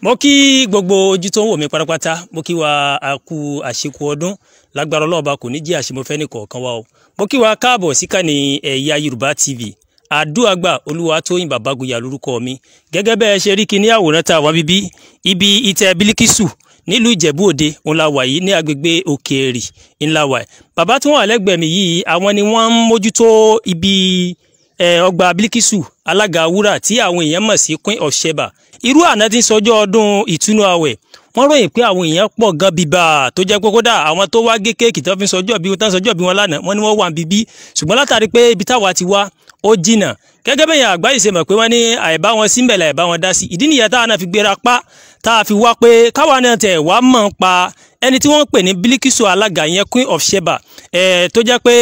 mo kí gbogbo ojú tó ń wò mí pátápátá mo kí wa aku kú àṣekù ọdún lágbára ọlọ́ọ̀ba kò ní jẹ́ àṣemọ́fẹ́ nìkọ̀ọ̀kan wa o mo kí wa káàbọ̀ síkànnì ẹ̀yà yorùbá tv àdúràgbà olúwatóyìn bàbágoyà lórúkọ mi gẹ́gẹ́ bẹ́ẹ̀ ṣe rí kí ní àwòrán tá a bíbí ibi ìtẹ́ bílíkìsù nílùú ìjẹ̀bú òde òun la wà yìí ní agbègbè òkèèrè ńlá wà yìí bàbá tó wà lẹ́gbẹ̀ẹ́ mi yìí àwọn ni wọ́n ń mójútó ibi ọgbà Bilikisu alága wúrà tí àwọn èèyàn mọ̀ sí Queen of Sheba irú àná tí ń sọjọ́ ọdún ìtúnú àwẹ̀ wọ́n ròyìn pé àwọn èèyàn pọ̀ gan bíbá tó jẹ́ pé kódà àwọn tó wá gé kéèkì tó fi sọjọ́ bí wọ́n sọjọ́ bí wọ́n lánàá wọ́n ní wọ́n wà bíbí ṣùgbọ́n látàrí pé ibi táwa ti wá ó jìnà gẹ́gẹ́ bẹ́yìn àgbáyé ṣe mọ̀ pé wọ́n ní àìbá wọn síbẹ̀ làìbá wọn dá sí ìdí nìyẹn táwa náà fi gbéra pa tá a fi wá pé káwa náà tẹ̀ wá mọ̀ pa ẹni tí wọ́n pè ní Bilikisu alága yẹn Queen of Sheba ẹ̀ tó jẹ́ pé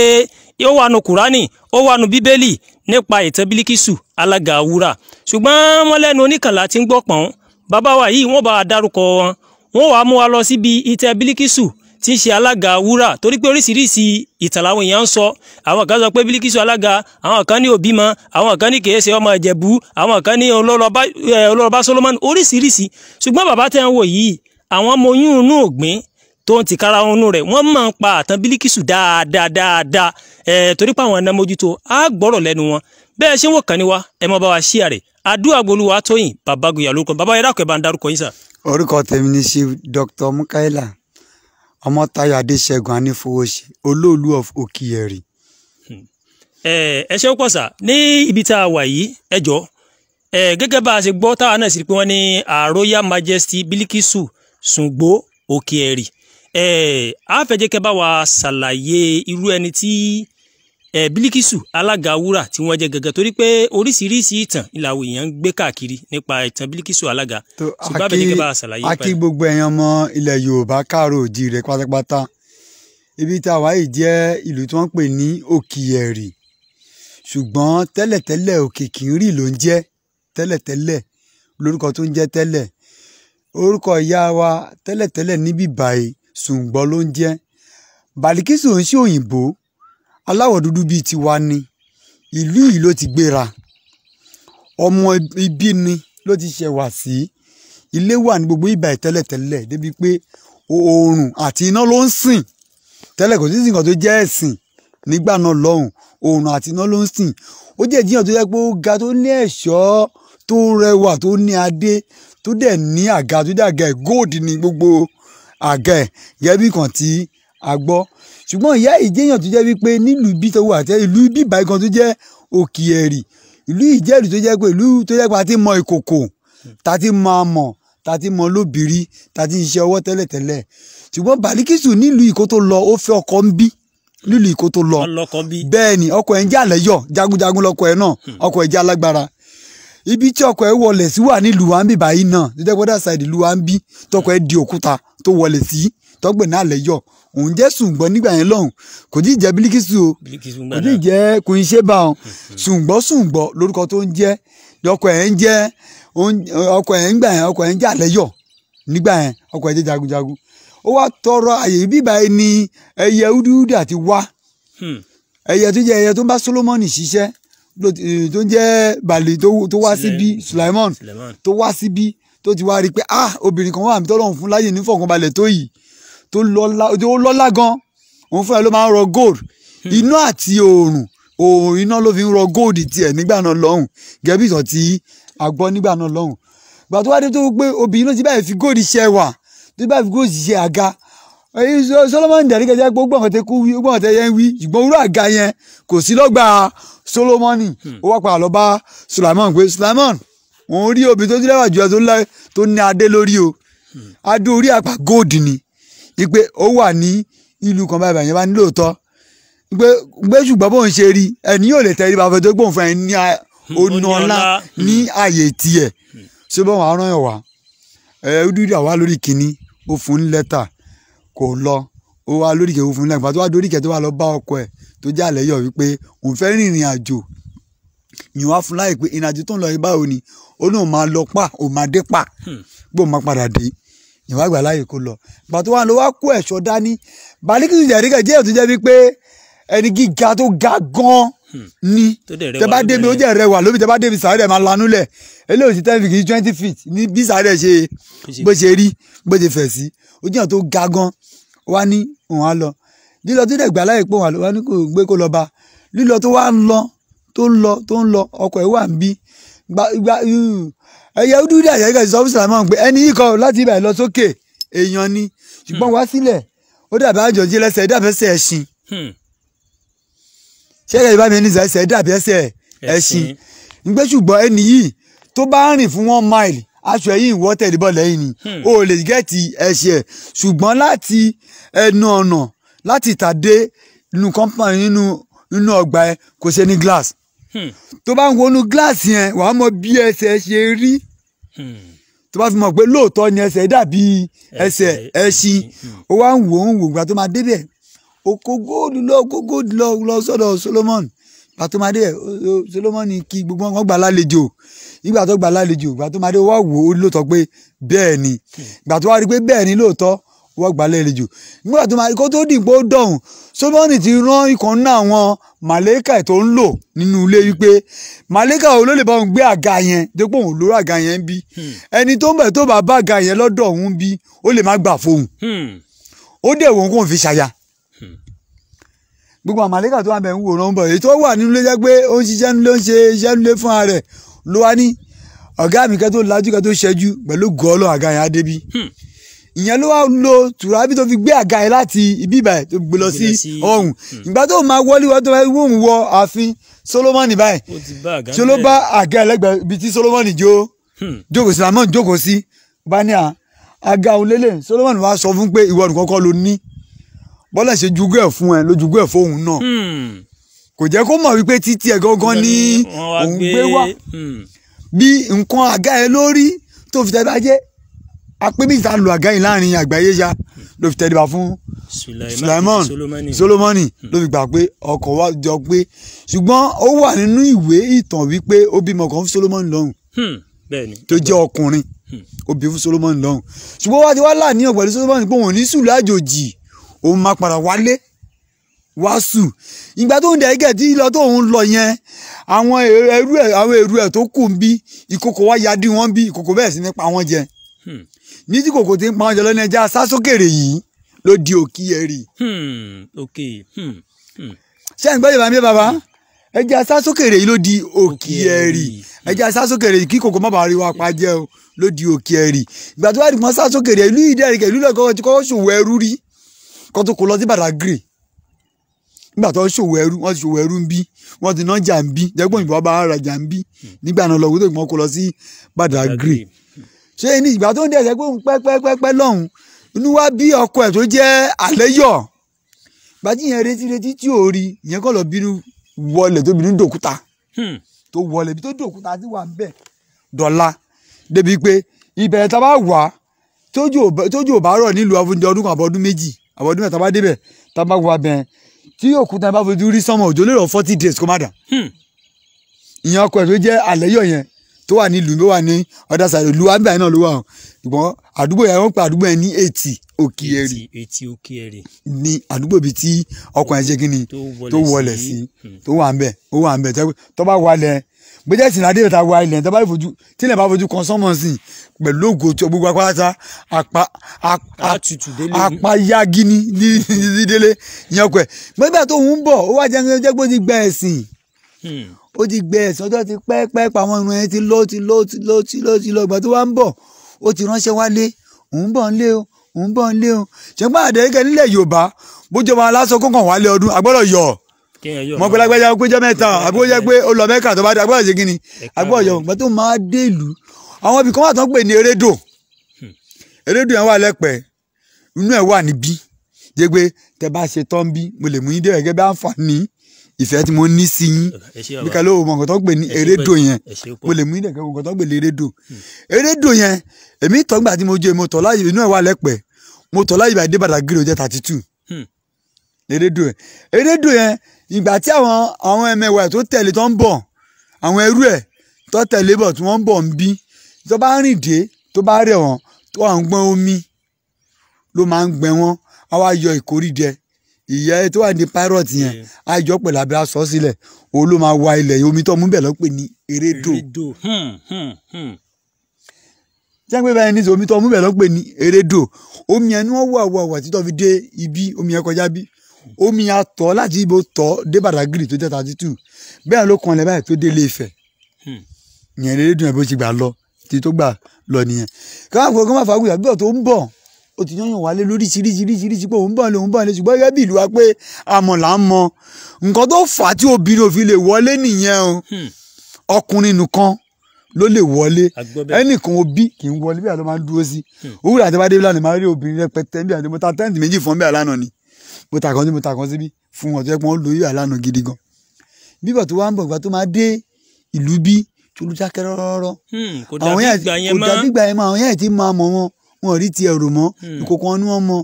ó wà nù Kùránì ó wà nù Bíbélì nípa ìtàn bílíkìsù alága wúrà ṣùgbọ́n wọ́n lẹ́nu oníkànlá tí ń gbọ́ pọ̀n bàbá wa yìí wọ́n bá a dárúkọ wọn wọ́n wàá mú wa lọ síbi ìtàn bílíkìsù tí ń ṣe alága wúrà torí pé oríṣiríṣi ìtàn làwọn èèyàn ń sọ àwọn kan sọ pé bílíkìsù alága àwọn kan ní òbí mọ àwọn kan ní kèéṣe ọmọ ìjẹ̀bú àwọn kan ní olórọ̀bá eh, solomon oríṣiríṣi ṣùgbọ́n bàbá tẹ́ ń wò yìí àwọn mọyún inú ògbìn tó ń ti kára ọ̀nù rẹ̀ wọ́n máa ń pa àtàn bílíkìsù dáadáa dáadáa ẹ̀ torí pé àwọn ẹ̀nà mójútó á gbọ́rọ̀ lẹ́nu wọn bẹ́ẹ̀ ṣé wọ́n kàn ní wa ẹ̀ mọ́ bá wa ṣí àrẹ̀ àdúrà gbolúwa tóyìn babagoya lórúkọ bàbá yẹn dákọ̀ ẹ̀ bá ń darúkọ yín sà. orúkọ tèmi ni ṣe Dr. Mukaila Ọmọ́táyọ̀ Adéṣẹ́gun Anífowóṣe olóòlù of Òkìyẹ̀rì. Hmm. ẹ ṣe ń pọ̀ sà ní ibi tá a wà yìí ẹ jọ gẹ́gẹ́ bá a ṣe gbọ́ táwa náà sì pé wọ́n ní àròyá majesty bilikisu sùngbó Òkìyẹ̀rì àfẹ́jẹ́ kẹ́ bá wa ṣàlàyé irú ẹni tí Bílíkísù alága wúrà tí wọ́n jẹ́ gẹ́gẹ́ torí pé oríṣiríṣi ìtàn ìlàwọ̀ èèyàn ń gbé káàkiri nípa ìtàn Bílíkísù alága ṣùgbọ́n àfẹ́jẹ́ kẹ́ bá wa ṣàlàyé. a kí gbogbo ẹ̀yàn ọmọ ilẹ̀ Yorùbá káàrọ̀ oòjíire pátápátá ibi tá a wáyé jẹ́ ìlú tí wọ́n pè ní Òkìẹ̀rì ṣùgbọ́n tẹ́lẹ̀tẹ́lẹ̀ Òkè Kìrì ló ń jẹ́ tẹ́lẹ̀tẹ́lẹ̀ lórúkọ tó ń jẹ́ tẹ́lẹ̀ orúkọ ìyá wa tẹ́lẹ̀tẹ́lẹ̀ níbí báyìí ṣùngbọ́ ló ń jẹ́ bàlíkísù ń ṣe òyìnbó aláwọ̀ dúdú bíi tiwa ni ìlú yìí ló ti gbéra ọmọ ibí ni ló ti ṣẹ̀ wá sí ilé wà ní gbogbo ìbà tẹ́lẹ̀tẹ́lẹ̀ débi pé oòrùn àti iná ló ń sìn tẹ́lẹ̀ kò sí nǹkan tó jẹ́ ẹ̀sìn nígbà náà lọ́hùn oòrùn àti iná ló ń sìn ó jẹ́ ìjiyàn tó jẹ́ pé ó ga tó ní ẹ̀ṣọ́ tó rẹwà tó ní adé tó dẹ̀ ní àga tó dẹ̀ àga ẹ̀ gbogbo àgẹ́ gẹ́gẹ́ bí kan tí a gbọ́ ṣùgbọ́n ìyá ìjẹyàn tó jẹ́ wípé nílùú ibi tó wà tẹ́ ìlú ibi ìbáyìí kan tó jẹ́ òkè ẹ̀rì ìlú ìjẹ́rì tó jẹ́ pé ìlú tó jẹ́ pé a ti mọ ìkòkò ta ti mọ amọ̀ ta ti mọ lóbìrí ta ti ṣiṣẹ́ ọwọ́ tẹ́lẹ̀tẹ́lẹ̀ ṣùgbọ́n bàlíkìsù nílùú ìkó tó lọ ó fẹ́ ọkọ ń bí nílùú ìkó tó lọ bẹ́ẹ̀ ni ọkọ ẹ̀ ń jẹ́ àlẹ́yọ̀ jagunjagun lọkọ ẹ̀ náà hmm. ọkọ ẹ̀ jẹ́ alágbára ibi tí ọkọ̀ ẹ wọlé sí wà ní ìlú wa ń bì báyìí náà dídẹ́gbọ́dá ṣáìdì ìlú wa ń bí tọkọ̀ ẹ di òkúta tó wọlé sí tọ́gbẹ̀ náà lẹ́yọ̀ òun jẹ́ ṣùgbọ́n nígbà yẹn lọ́hùn kò tí ì jẹ́ bílíkìsù o kò tí ì jẹ́ kò ń ṣe bá hmm, wọn hmm. ṣùgbọ́n ṣùgbọ́n lórúkọ tó ń jẹ́ ọkọ̀ ẹ̀ ń jẹ́ ọkọ̀ ẹ̀ ń gbà yẹn ọkọ̀ ẹ̀ ń jà lẹ́yọ̀ nígbà yẹn ọkọ̀ ẹ̀ jẹ́ jagunjagun ó wá tọrọ àyè bíbá yẹn ni ẹyẹ húdúhúdú àti wá hmm. ẹyẹ tó jẹ́ ẹyẹ tó bá Solomoni ṣiṣẹ́ Eh, tó ń jẹ́ bàlì tó wá síbí Sulaiman tó wá síbí tó ti wá rí i pé ah obìnrin kan wà mí tọ́lọ́run fún láyè ní fọ̀kànbalẹ̀ tó yìí tó lọ́lá gan òun fúnra ló máa ń rọ gold hmm. iná àti oòrùn oòrùn iná ló fi ń rọ gold tiẹ̀ nígbà náà lọ́hùn gẹ́bí ìtàn tí a gbọ́ nígbà náà lọ́hùn gbà tó wá pé obìnrin ló ti báyìí fi gold ṣe wà tó báyìí fi gold ṣe àga solomoni dẹ̀rí kẹjẹ gbogbo àwọn tẹ kú wí gbogbo àwọn tẹ yẹn wí ṣùgbọ́n wúrà ga yẹn kò sí lọ́gbà solomoni hmm. ó wá pa àlọ́ bá sulaimon pé sulaimon òun rí obì tó ti lẹ́wà jù ẹ tó ní adé lórí o hmm. adé orí àpá góòdì ni ipe ó wà ní ìlú kan báyìí báyìí bá ní lóòótọ́ ipe gbé ṣùgbọ́n bóun ṣe rí ẹni yóò lè tẹ́rí bàbá tó gbóhùn fún hmm. ẹ ní ọ̀nà ọ̀la ní àyè tiẹ̀ ṣé bọ́n wàá rán ẹ̀ wá ẹ̀ ẹ́ dúdú àwa lórí kínní ó fún lẹ́tà kò lọ ó wá lórí ìkẹ́ fún lẹ́gbàá tó wá dórí ìkẹ́ tó wá lọ bá ọkọ ẹ̀ tó jẹ́ àlẹ́ yọ̀ wípé òun fẹ́ rìnrìn àjò yìí wá fún láì pé ìrìnàjò tó ń lọ yìí báwo ni ó náà máa lọ pa òun máa dé pa gbọ́ hmm. máa padà dé yìí wá gbà láàyè kó lọ ìgbà tó wà ló wá kó ẹ̀ṣọ́ dání Bàlíkìsù Jẹ̀ríkà jẹ́ òtún jẹ́ wípé ẹni gíga tó ga gan-an Hmm. ní tẹ́ bá débi ó jẹ́ rẹwà lóbi tẹ́ bá débi sáré máa lanú lẹ̀ eléyìí sí ten feet ní twenty feet ní bí sáré ṣe bó ṣe rí bó ṣe fẹ̀ sí ojú náà tó ga gan wá ní òun á lọ lílọ tó dẹ̀ gbà láyè pé òun á ní kò gbé kó lọ bá lílọ tó wá ń lọ tó ń lọ tó ń lọ ọkọ̀ ẹ̀ wà ń bí gba ẹ̀yẹ dúdú àyẹ̀ kẹ̀ sọ fún sàlámù pé ẹni yìí kọ láti ibà lọ sókè èèyàn ni ṣùgbọ́n hmm. wá sílẹ̀ ó dàbí àjọjí lẹ́sẹ̀ dàbẹ́sẹ̀ ẹ̀sìn ṣẹ́yẹ ìbá mi ní sẹ́sẹ́ dàbí ẹsẹ̀ ẹṣin nígbẹ́ ṣùgbọ́n ẹni yìí tó bá ń rìn fún one mile aṣọ ẹ̀yìn ìwọ́ tẹ̀lébọ̀ lẹ́yìn ni hmm. o lè gẹ̀ẹ́tì ẹ̀ṣẹ̀ ṣùgbọ́n láti ẹnu ọ̀nà láti tàdé inú kọ́mpọ̀n nínú inú ọgbà ẹ kò ṣe ní glass hmm. tó bá ń wọnú glass yẹn wàá mọ bí ẹsẹ̀ ṣe rí hmm. tó bá fi mọ̀ pé lóòótọ́ ni ẹsẹ̀ dàbí ẹsẹ̀ ẹṣin ó wá ń wò ó ń wò gbà tó máa débẹ̀ ó kó góòlù lọ kó góòlù lọ lọ sọ́dọ̀ Solomon pàtómadé Solomon kí gbogbo wọn gbà lálejò ìgbà tó gbà lálejò pàtómadé wà wò ó lóòótọ́ pé bẹ́ẹ̀ ni ìgbà tó wà rí pé bẹ́ẹ̀ ni lóòótọ́ wọ́n gbà lálejò nígbà tó máa kó tó dìgbò dọ̀hún Solomon ti rán ikọ̀ nínú àwọn màlẹ́kà tó ń lò nínú ilé wípé màlẹ́kà wo ló lè bá òun gbé àga yẹn dépò òun lórí àga yẹn ń bí hmm. ẹni tó ń bẹ̀ tó bá bá àga yẹn lọ́dọ̀ òun bí ó lè má gbà fóun hmm. ó dẹ̀ wọ́n kò fi ṣàyà gbogbo àmàlẹ́kà tó wà bẹ̀ ń wò rán bọ̀ èyí tó wà nínú ilé jẹ́ pé ó ń ṣiṣẹ́ nílé ń ṣe iṣẹ́ nílé fún ara rẹ̀ ló wá ní ọ̀gá mi kẹ́ tó lajú kẹ́ tó ṣẹ́jú pẹ̀lú gọ́ọ̀lọ́ àga yẹn á débi hmm. ìyẹn ló wá lo tùràbí tó fi gbé àga yẹn láti ibi ìbàyẹ̀ tó gbé lọ sí ọ̀hún hmm. ìgbà tó máa wọlé wọ́n tó wọ́n wọ ààfin Solomoni báyìí tí bá àga ẹlẹ́gbẹ̀ẹ́ ibi bọ́lá ṣe jugú ẹ̀ fún ẹ ló jugú ẹ̀ fóun náà hmm. kò jẹ́ kó mọ̀ wípé títí ẹ̀ gangan ni òun gbé wá hmm. bí nǹkan àga ẹ lórí tó fi tẹ́lẹ̀ ajé apébíyì tá a lo àga yìí láàrin àgbáyé ya ló fi tẹ́lẹ̀ bá fún Sulaiman Solomoni ló hmm. fi gbà pé ọkọ̀ wa jọ pé ṣùgbọ́n ó wà nínú ìwé ìtàn wípé ó bímọ kan fún Solomoni lọ́hùn tó jẹ́ ọkùnrin ó bí fún Solomoni lọ́hùn ṣùgbọ́n wá ti wá láàníyàn pẹ̀lú Solomoni pé òun ní sùn òun máa padà wálé wàásù ìgbà tó ń dẹ̀ gẹ̀ tí lọ tó ń lọ yẹn àwọn ẹrú ẹ̀ àwọn èrú ẹ̀ tó kù ń bí ìkòkò wá ya dín wọn bí ìkòkò bẹ́ẹ̀ sì ní pa wọn jẹ hmm. ní tí kòkò ti ń pa wọn jẹ lọ́nà ẹja sásókèrè yìí ló di òkì ẹ̀rì. Hmm, hmm, ṣé ẹ̀ ń gbọ́ yorùbá mi bàbá ẹja sásókèrè yìí ló di òkì ẹ̀rì ẹja sásókèrè yìí kí kòkò má bàa rí wa pa jẹ o ló di òkì ẹ̀rì ìgbà tó wà ní kí wọ́n sásókèrè ìlú kó tó kó lọ sí Badagry nígbà tó ń ṣòwò ẹrú wọ́n ti ṣòwò ẹrú ń bí wọ́n ti nájà ń bí jẹ́gbọ́n ìbọn bá rajà ń bí nígbà náà lọ́wọ́ tó ìgbọ́n kó lọ sí Badagry ṣé ní ìgbà tó ń dẹ̀ sẹ́gbọ́n pẹ́pẹ́pẹ́ lọ́hùn inú wa bí ọkọ ẹ̀ tó jẹ́ àlẹ́yọ̀ gbajú yẹn retí retí tí ò rí ìyẹn kọ́ lọ bínú wọlé tó bínú dòkúta hmm. tó wọlé tó dòkúta sí wà ń dọ̀la débi pé ìbẹ̀rẹ̀ tá bá wà tójú ò nílùú ọdún méjì àwọn ọdún mẹ́ta bá débẹ̀ tá a bá wà bẹ́ẹ̀ tí òkúta bá fojú rí sánmọ̀ òjò lérò forty days kó má dà hmm. ìyẹn ọkọ ẹ̀ tó jẹ́ àlẹ́yọ̀ yẹn tó wà ní ìlú ló wà ní ọ̀dà sàlẹ̀ olúwa ń bẹ̀ náà ló wà o ṣùgbọ́n àdúgbò yẹn wọ́n pa àdúgbò yẹn ní ètì òkèèrè ètì ní àdúgbò bíi tí ọkùnrin ṣe kí ni tó wọlé sí hmm. tó wà ń bẹ̀ ó wà ń bẹ̀ tó bá wọlé gbẹjẹ ìsìn adé ìta wa ilẹ̀ tí a bá fojú tí ilẹ̀ bá fojú kan sọ́mọ̀ sí pẹ̀lú ògo tí gbogbo apáta apá apá yagi ní dídélé yẹn ọkọ̀ ẹ̀ gbẹ́gbẹ́ tó ń bọ̀ ó wá jẹ́ jẹ́ pé ó ti gbẹ ẹ̀sìn hmm. ó ti gbẹ ẹ̀sìn ọjọ́ ti pẹ́ẹ́pẹ́ pàwọn irun ẹ̀ ti lọ ti lọ ti lọ ti lọ ti lọ ìgbà tó wá ń bọ̀ ó ti ránṣẹ́ wálé òun bọ̀ ń lé o òun bọ̀ ń lé o ṣùgbọ́n àdéhùn nílẹ̀ Yorùbá bójú ọmọ aláṣọ kọ̀ọ̀kan wálé ọdún agbọ́dọ̀ yọ̀ mọ pé lágbájá péjọ mẹ́ta àbí ó jẹ pé ó lọ mẹ́ka tó bá dé agbọ́dọ̀ ṣe ni agbọ́dọ̀ yọ ọgbọ́n tó máa dé ìlú àwọn ibì kan wà tó ń pè ní erédò hmm. erédò yẹn wà lẹ́pẹ́ inú ẹ̀ wà níbí jẹ́ pé tẹ bá ṣe tán bí mo lè mú yín dé gẹ́gẹ́ bí àǹfààní ìfẹ́ tí mo ní sí yín bí kálí òun mọ nǹkan tó ń pè ní erédò yẹn mo lè mú yín dé gẹ́gẹ́ tó ń pè ní erédò erédò yẹn èmi tọ́gbà tí mo jẹ́ mo tọ̀ láyé inú ẹ̀ wà lẹ́pẹ́ mo tọ̀ láyé ìbàdí bàdàgìrì ó jẹ́ hmm. erédò yẹn erédò yẹn ìgbà tí àwọn àwọn ẹmẹ̀wà tó tẹ̀lé tó ń bọ̀ àwọn ẹrú ẹ̀ tó tẹ̀lé bọ̀ tí wọ́n ń bọ̀ ń bí tó bá rìn dé tó bá rẹ̀ wọ́n tó à ń gbọ́n omi ló máa ń gbẹ wọ́n á wá yọ ìkórìdẹ ìyẹ́ tó wà ní pirate yẹn á yọ pẹ̀lú abẹ́ aṣọ sílẹ̀ òun ló máa wa ilẹ̀ omi tó mú bẹ̀ lọ́ pè ní erédò jẹ́ pé hmm, hmm, hmm. báyìí níṣẹ́ omi tó mú bẹ̀ lọ́ pè ní erédò omi yẹn ni wọ́n wà wà wà títọ́ fi dé ibi omi yẹn kọjá bí omi àtọ̀ láti ibo tọ̀ dé Badagry tó jẹ́ thirty two bẹ́ẹ̀ ló kan lẹ́ báyìí tó dé ilé Ifẹ̀ hmm. yẹn lè dùn ẹ̀ bó ti gbà lọ ti tó gbà lọ nìyẹn káwọn àgbẹ̀ kan máa fagùn ìyàgbẹ́ tó ń bọ̀ ó ti yán yàn wálé lóríṣiríṣiríṣiríṣi pé òun bọ̀ lé òun bọ̀ lé ṣùgbọ́n gẹ́gẹ́ bí ìlú wa pé àmọ̀ là ń mọ nǹkan tó fà á tí obìnrin ò fi lè wọlé nìyẹn o hmm. ọkùnrin nìkan ló lè wọlé ẹnìkan òbí kì í wọlé bí àdó máa ń dúró sí òwúrọ̀ hmm. àti bàdé bílà ni màá rí obìnrin rẹpẹtẹ bí àdó mo ta tẹ́ǹtì méjì fún bí àlànà ni mo ta kan sí mo ta kan síbí fún wọn tó yẹ pé gidi gan bíbọ̀ tó wá ń bọ̀ ìgbà tó máa dé ìlú bí tolújákẹ́ rọ́rọ́rọ́ hmm, àwọn yẹn kò dàbí ìgbà yẹn mọ́ àwọn yẹn ti máa mọ̀ wọn wọn rí tiẹ̀ rò mọ́ hmm. ìkókò wọn ni wọ́n mọ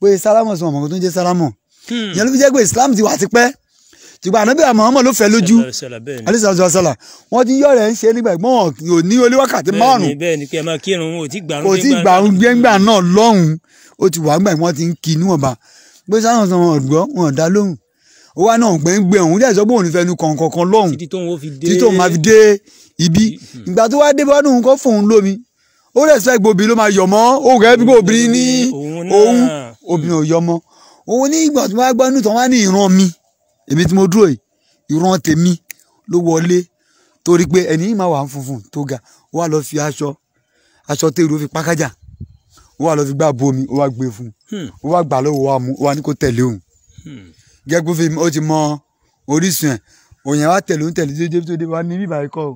pé sálámọ̀ sọ àmọ̀kò tó ń jẹ́ sálámọ̀ hmm. ìyẹn ló fi jẹ́ pé Islam ti wà tipẹ́ ṣùgbọ́n ànábì àmọ́ ló fẹ́ lójú alẹ́sàlọ́sàlà wọ́n ti yọ̀ rẹ̀ ń ṣe nígbà ìgbọ́n ò ní oníwákàtí márùn kò tí gbàrún gbẹ́ngbà náà lọ́hùn ó ti wà gbà wọ́n ti ń kí níwọ̀nba pé sáwọn sọ wọn gbọ́ wọn dá lóhùn ó wá náà pé ń gbé òun dẹ̀ sọ pé òun ní fẹnu kọ̀ọ̀kan kan lọ́hùn títí tóun máa fi dé ibi hmm. ìgbà tó wá dé bá lóhùn kó fóun lómi ó dẹ̀ sọ ìgbòbi ló máa yọ̀ mọ́ ó rẹ̀ bí obìnrin ní òun obìnrin ò yọ mọ́ òun ní ìgbà tó wá gbọ́ inú tán wá ní ìran mi èmi tí mo dúró yìí ìran tèmi ló wọlé torí pé ẹni yìí máa wà ń funfun tó ga wá lọ fi aṣọ aṣọ tèrò fi pákájà ó wà lọ fi gbá bu omi ó wá gbé fún un hmm. ó wá gbà lọ́wọ́ wa mú ó wá ní kó tẹ̀lé òun hmm. gẹ́gbó fi ó ti mọ orísun ẹ̀ òyìn wa tẹ̀lé òun tẹ̀lé déédéé tó dé wa ní bíbá ikọ̀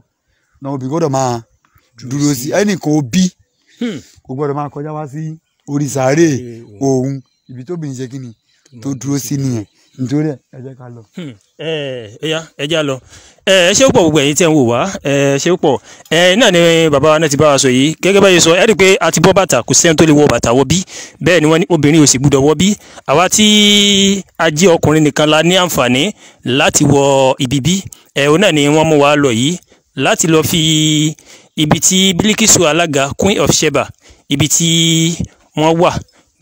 náà òbí gbọ́dọ̀ máa dúró sí ẹnìkan òbí hmm. kò gbọ́dọ̀ máa kọjá wá sí orí sàárè òun ibi tóbi ní ṣe kí ni tó dúró sí nìyẹn nítorí ẹ jẹ́ ká lọ. Hmm. ẹ ẹyá ẹ já lọ ẹ ẹ ṣé pọ̀ gbogbo ẹ̀yin tẹ́ ń wò wá ẹ ṣé pọ̀ ẹ náà ni bàbá náà ti bá wa sọ yìí gẹ́gẹ́ bá sọ ẹ rí i pé a ti bọ́ bàtà kò sẹ́ni tó lè wọ bàtà wọ bí bẹ́ẹ̀ ni wọ́n ní obìnrin ò sì gbúdọ̀ wọ bí àwa tí a jẹ́ ọkùnrin nìkan la ní àǹfààní láti wọ ibi bí ẹ òun náà ni wọ́n mú wa lọ yìí láti lọ fi ibi tí Bilikisu alága Queen of Sheba ibi tí wọ́n wà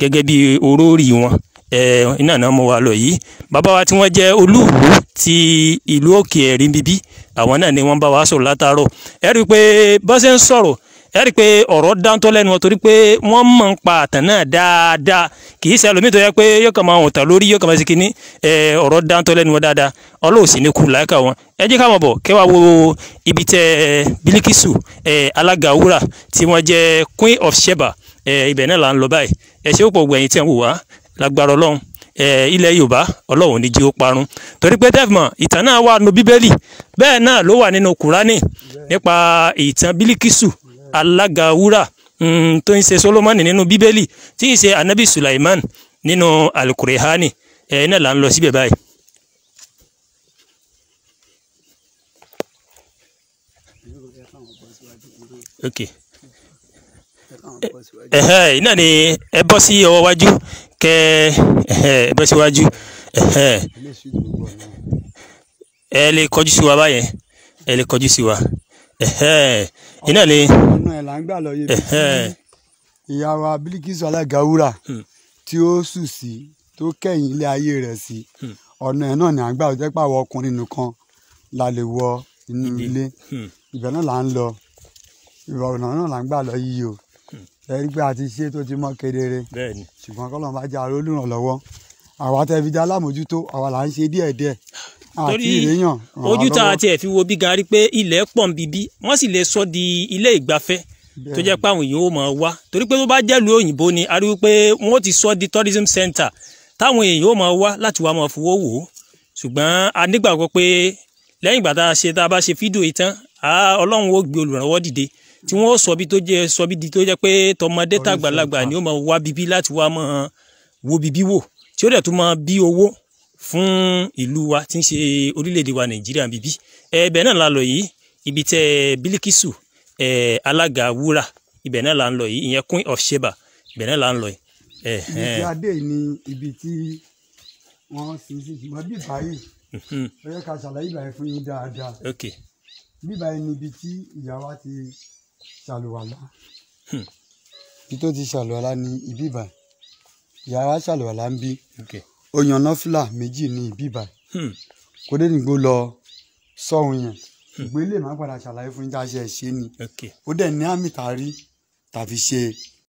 gẹ́gẹ́ bí orórì wọn Eh, iná náà mo wà lọ yìí bàbá wa tí wọ́n jẹ́ olúùlú ti ìlú òkè ẹ̀rí bíbí àwọn náà ni wọ́n bá wa sọ̀rọ̀ látàárọ̀ ẹ rí i pé bó ṣe ń sọ̀rọ̀ ẹ rí i pé ọ̀rọ̀ dáńtọ́ lẹ́nu wọn torí pé wọ́n mọ̀ ń pa àtàn náà dáadáa kì í ṣe ẹlòmíì tó yẹ pé yóò kàn máa hùn tàn lórí yóò kàn máa ṣe kínní ọ̀rọ̀ dáńtọ́ lẹ́nu wọn dáadáa ọlọ́ọ̀sì ni kù láìka wọn ẹ jẹ́ ká bọ̀ kẹ́ wá wo ibi tẹ Bilikisu alága wúrà tí wọ́n jẹ́ Queen of Sheba ibẹ̀ náà là ń lọ báyìí ẹ ṣe ó pọ̀ gbẹ̀yìn tí wọ́n wò lágbára ọlọ́run ilẹ̀ yorùbá ọlọ́run ní jí ó parun torí pé tẹ́fìmọ̀ ìtàn náà wà nínú bíbélì bẹ́ẹ̀ náà ló wà nínú kùránì nípa ìtàn bílíkìsù alága wúrà hmm, tó ń ṣe solomoni nínú bíbélì tí ń ṣe anabi sulaiman nínú alukurehani ẹ̀ là ń lọ síbẹ̀ báyìí. okay náà ni ẹ bọ́ sí ọwọ́ wájú kẹ ẹ bọ́ sí wájú ẹ lè kọjú sí wa báyẹn ẹ lè kọjú sí wa iná ni. ọ̀nà ẹ̀ là ń gbà lọ yé mi ìyá wa Bílíkísù Alágàwúrà hmm. tí ó sùn sí tó kẹ́yìn ilé ayé rẹ̀ sí hmm. ọ̀nà ẹ̀ náà ni à ń gbà jẹ́ pàwọ́ ọkùnrin nìkan la lè wọ inú ilé hmm. ibẹ̀ náà là ń lọ ìwà náà là ń gbà lọ yìí o ẹ̀rí pé a ti ṣe tó ti mọ́ kedere ṣùgbọ́n kọ́lọ́n bá jẹ́ àrò olùrànlọ́wọ́ àwa tẹ́ fi dá alámòjútó àwa là ń ṣe díẹ̀díẹ̀ àti ìrèyàn ojú tá a tiẹ̀ fi wo bí gari pé ilẹ̀ pọ̀ ń bíbí wọ́n sì lè sọ di ilé ìgbafẹ́ tó jẹ́ pé àwọn èèyàn ó máa wá torí pé tó bá jẹ́ ìlú òyìnbó ni a rí i pé wọ́n ti sọ di tourism center táwọn èèyàn ó máa wá láti wá máa fowó wò ó ṣùgbọ́n a nígbàgbọ́ pé lẹ́yìn ìgbà tá a ṣe tá a bá ṣe fídíò yìí tán Ọlọ́run ó gbé olùrànlọ́wọ́ dìde tí wọ́n sọ bí tó jẹ́ sọ bí di tó jẹ́ pé tọmọdé tàgbàlagbà ni ó máa wá bíbí láti wá máa wo bíbí wò tí ó dẹ̀ tún máa bí owó fún ìlú wa tí ń ṣe orílẹ̀-èdè wa nàìjíríà bíbí ẹ̀bẹ̀ náà la lọ yìí ibi tẹ́ bílíkìsù alága wúrà ibẹ̀ náà la ń lọ yìí ìyẹn queen of sheba ibẹ̀ náà la ń lọ yìí. ibi tí adé ni ibi tí wọ́n sin sí ṣùgbọ́n bí báyìí mhm. ó yẹ ká ṣàlàyé báyìí fún yín dáadáa bí báyìí ni ibi tí ìyá ti ṣàlùwàlá hmm. ibi tó ti ṣàlùwàlá ni ibi báyìí yàrá ṣàlùwàlá ń bí ó yan nọ́fìlà méjì ní ibi báyìí hmm. kó dé nígbó lọ sọ́hun yẹn ìgbélé hmm. máa padà ṣàlàyé fún yín tá a ṣe ẹ̀ ṣe ni ó dẹ̀ ní àmì tá a rí tàbí ṣe